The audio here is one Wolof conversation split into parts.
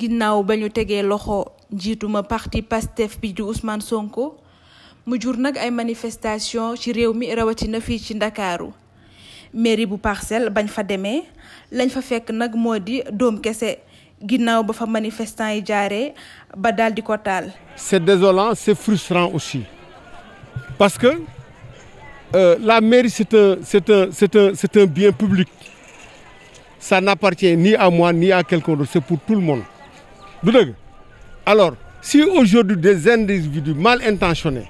ginnaaw ba ñu tegee loxo njiituma parti Pastef bi di Ousmane Sonko mu jur nag ay manifestation ci réew mi rawatina fii ci Ndakaaru mairie bu parcelle bañ fa demee lañ fa fekk nag moo di doom kese ginnaaw ba fa manifestant yi jaaree ba daal di ko taal. c'est désolant c'est frustrant aussi parce que euh, la mairie c'est un c'est un c'est un c'est un bien public ça n'appartient ni à mois ni à quelqu'un d'autre c'est pour tout le monde. du dëgg alors si aujourd'hui des individus mal intentionnés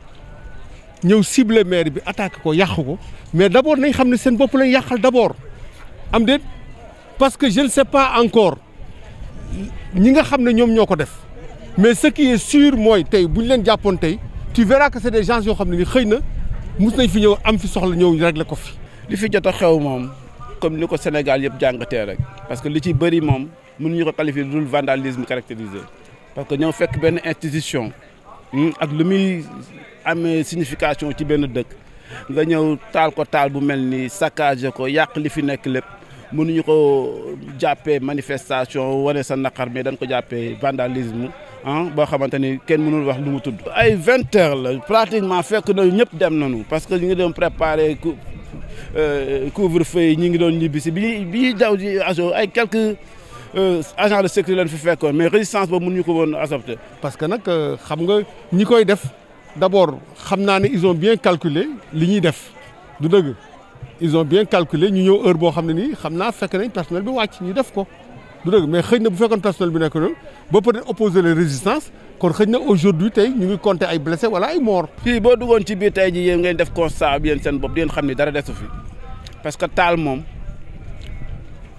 ñëw ciblé maire bi attaqué ko yàqu ko mais d'abord nañ xam ne seen bopp lañ yàqal d'abord am déet parce que je ne sais pas encore ñi nga xam ne ñoom ñoo ko def mais ce qui suur mooy tey bu ñu leen jàppoon tey tu verras que c'est des yoo xam ne ni xëy na mus nañ fi ñëw am fi soxla ñëw régler ko fi. li fi jot a xew moom comme ni ko Sénégal yëpp jàngatee rek parce que li ci bëri moom. mun mënuñu ko qualifier dul vandalisme caractérisé parce que ñoo fekk benn institution hmm, ak lu muy amee signification ci benn dëkk nga ñëw taal ko taal bu mel ni saccagé ko yàq li fi nekk lépp mënuñu ko jàppee manifestation wane sa naqar mais dañ ko jàppee vandalisme ah boo xamante ni kenn mënul wax lu mu tudd. ay vingt heures la pratiquement fekk na ñëpp dem nañu parce que ñu ngi doon préparer euh, couvre-feu yi ñu ngi doon ñibbisi bi bi ñuy daw ji ay quelques. Euh, agent de sécurité lañ fi fekkoon mais résistance boobu mënuñu ko woon accepter. parce que nag euh, xam nga ñi koy def d' abord xam naa ni ils ont bien calculé li ñuy def du dëgg ils ont bien calculé ñu ñëw heure boo xam ne nii xam naa fekk nañ personnel bi wàcc ñu def ko. du dëgg mais xëy na bu fekkoon personnel bi nekk noonu ba peut-être opposer les résistance kon xëñ na aujourd'hui tey ñu ngi compter ay blessé wala ay mort. fii boo duggoon ci biir tey jii yéen ngeen def constat bi yéen seen bopp xam ni dara desu fi parce que taal moom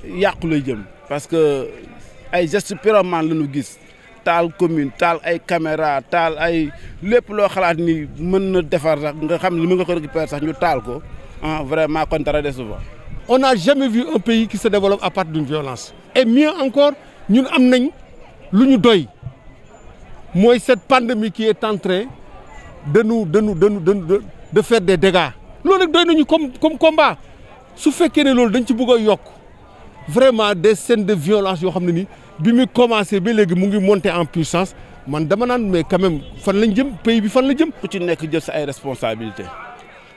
yàqu lay jëm. parce que ay gestes pyromane la ñu gis taal commune taal ay caméra taal ay lépp loo xalaat ni mën na defar sax nga xam ne mën nga ko récupérer sax ñu taal ko ah vraiment kon dara décevant on n'a jamais vu un pays qui se développe à partir d'une violence et mieux encore ñun am nañ lu ñu doy mooy cette pandémie qui est en train de nous de nous de nous de de faire des dégâts loolu nag doy nañu comme comme combat su fekkee ne loolu dañ ci bëgg a yokk vraiment des scènes de violence yoo xam ne ni bi mu commencé ba léegi mu ngi monter en puissance man dama naan mais quand même fan lañ jëm pays bi fan la jëm. ku ci nekk jël sa ay responsabilité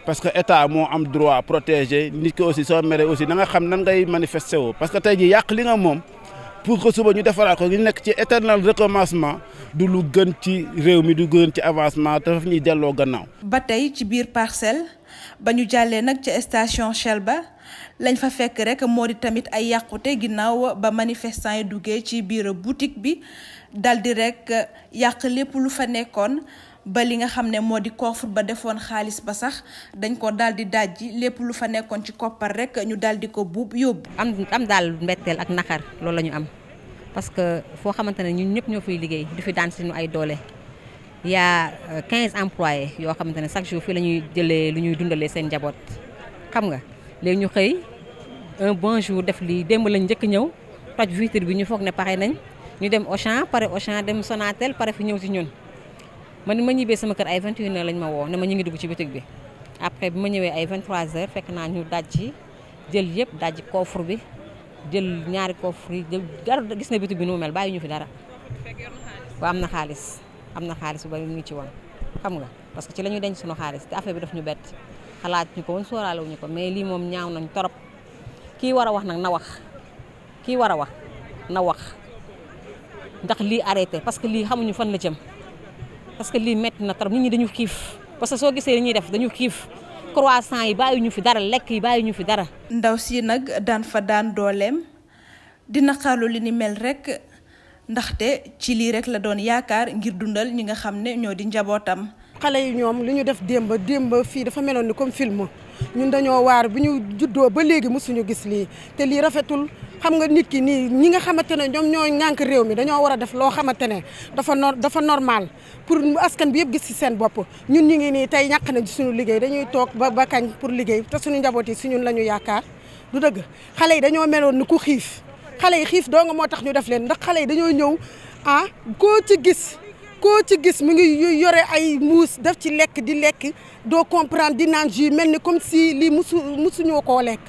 parce que état moo am droit protéger nit ki aussi soo meree aussi na nga xam nan ngay manifester woo parce que tey ji yàq li nga moom pour que suba ñu defaraat ko ñu nekk ci éternel recommencement du lu gën ci réew mi du gën ci avancement te daf ñuy delloo gannaaw. ba tey ci biir parcelle ba ñu jàllee nag ci station Shell ba lañ fa fekk rek moo di tamit ay yàqute ginnaaw ba manifestant yi duggee ci biir boutique bi dal di rek yàq lépp lu fa nekkoon ba li nga xam ne moo di coffre ba defoon xaalis ba sax dañ ko daal di dajji lépp lu fa nekkoon ci koppar rek ñu daal di ko buub yóbbu. am am daal mbetteel ak naqar loolu la ñu am parce que foo xamante ne ñun ñëpp ñoo fiy liggéey di fi daan suñu ay doole. y euh, quinze 15 yoo xamante ne chaque jour fii la ñuy jëlee lu ñuy dundalee seen njaboot xam nga léegi ñu xëy un bon jour def lii démb lañ njëkk ñëw toj vitre bi ñu foog ne paxe nañ ñu dem Auchan pare Auchan dem Sonatel pare fi ñëw si ñun man ma ñibbee sama kër ay 21 heures lañ ma woo ne ma ñu ngi dugg ci bitig bi après bi ma ñëwee ay 23 heures fekk naa ñu dajji jël yëpp dajji coffre bi jël ñaari coffre yi jël dara gis na bitig bi nu mu mel bàyyi ñu fi dara waaw am na xaalis am na xaalis bu bari mu ngi ci woon xam nga parce que ci la ñuy denc sunu xaalis te bi daf ñu bett xalaat ñu ko woon sóoraale wuñu ko mais lii moom ñaaw nañ torop kii war a wax nag na wax kii war a wax na wax ndax lii arrêté parce que lii xamuñu fan la jëm parce que lii metti na torop nit ñi dañu xiif parce que soo gisee li ñuy def dañu xiif croissant yi bàyyi ñu fi dara lekk yi bàyyi ñu fi dara. ndaw si nag daan fa daan dooleem dina xaalu li ni mel rek ndaxte ci lii rek la doon yaakaar ngir dundal ñi nga xam ne ñoo di njabootam. xale yi ñoom li ñu def démb démb fii dafa meloon ni comme film ñun dañoo waar bu ñu juddoo ba léegi suñu gis lii te lii rafetul xam nga nit ki nii ñi nga xamante ne ñoom ñoo ñànk réew mi dañoo war a def loo xamante ne dafa no dafa normal pour askan bi yëpp gis ci seen bopp ñun ñi ngi nii tey ñàkk nañ suñu liggéey dañuy toog ba ba kañ pour liggéey te suñu njaboot yi si ñun la ñu yaakaar du dëgg xale yi dañoo meloon ni ku xiif xale yi xiif doo nga moo tax ñu def leen ndax xale yi dañoo ñëw ah ci gis koo ci gis mu ngi yore ay muus def ci lekk di lekk doo comprendre di naan mel ni comme si lii musu musuñoo koo lekk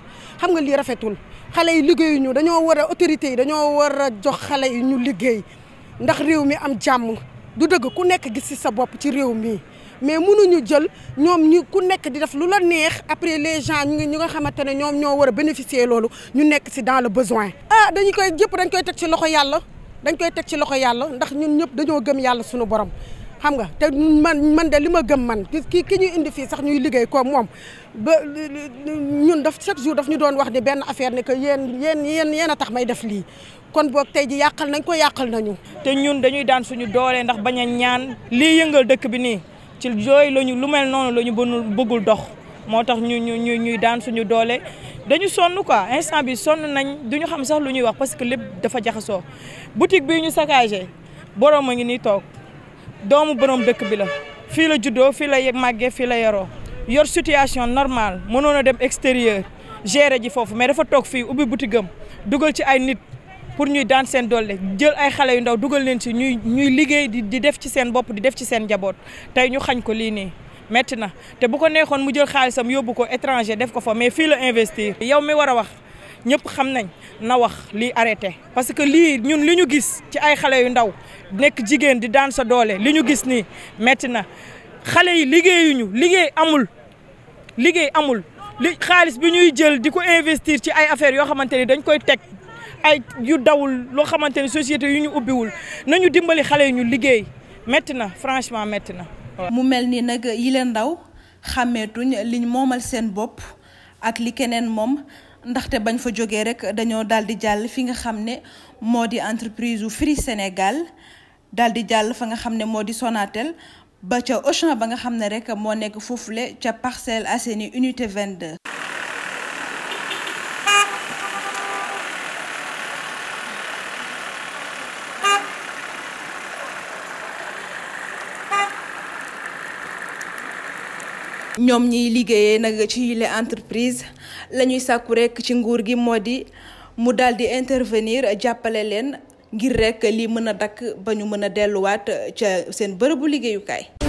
xam nga lii rafetul xale yi liggéeyuñu dañoo war a autorités yi dañoo war a jox xale yi ñu liggéey ndax réew mi am jàmm du dëgg ku nekk gis si sa bopp ci réew mi mais mënuñu jël ñoom ñu ku nekk di def lu la neex après les gens ñu nga xamante ne ñoom ñoo war a bénéficier loolu ñu nekk si dans le besoin. ah dañu koy jëpp dañ koy teg ci loxo yàlla. dañ koy teg ci loxo yàlla ndax ñun ñëpp dañoo gëm yàlla suñu borom xam nga te man man de li ma gëm man ki ki ñuy indi fii sax ñuy liggéey ko moom ba ñun daf chaque jour daf ñu doon wax ni benn affaire ne que yéen yéen yéen yéen a tax may def lii kon boog tey ji yàqal nañ ko yàqal nañu te ñun dañuy daan suñu doole ndax bañ a ñaan lii yëngal dëkk bi nii ci yooyu lañu lu mel noonu la ñu bëggul dox moo tax ñu ñu ñuy daan suñu doole dañu sonn quoi instant bi sonn nañ du ñu xam sax lu ñuy wax parce que lépp dafa jaxasoo boutique bii ñu saccagé borom a ngi nii toog doomu borom dëkk bi la fii la juddoo fii la màggee fii la yaroo yor situation normale mënoon a dem extérieur gérer ji foofu mais dafa toog fii ubbi boutique am dugal ci ay nit pour ñuy daan seen doole jël ay xale yu ndaw dugal leen ci ñuy ñuy liggéey di di def ci seen bopp di def ci seen njaboot tey ñu xañ ko lii nii metti na te bu ko neexoon mu jël xaalisam yóbbu ko étranger def ko fa mais fii la investir. yow mi war a wax ñëpp xam nañ na wax lii arrêté parce que lii ñun li ñu gis ci ay xale yu ndaw nekk jigéen di daan sa doole li ñu gis nii metti na xale yi liggéeyuñu liggéey amul liggéey amul li xaalis bi ñuy jël di ko investir ci ay affaires yoo xamante ni dañ koy teg. ay yu dawul loo xamante ne société yu ñu ubbiwul nañu dimbali xale yi ñu liggéey métti na franchement métti na mu mel ni nag yile ndaw xàmmeetuñ liñ moomal seen bopp ak li keneen moom ndaxte bañ fa jógee rek dañoo daal di jàll fi nga xam ne moo di entreprise u Free Sénégal daal di jàll fa nga xam ne moo di Sonatel ba ca Auchan ba nga xam ne rek moo nekk foofu le ca Parcelles Assainies unité 22. ñoom ñiy liggéeyee nag ci yile entreprise lañuy sàkku rekk ci nguur gi moo di mu daal di intervenir jàppale leen ngir rek li mën a dakk ba ñu mën a delluwaat ca seen bërëbu liggéeyukaay.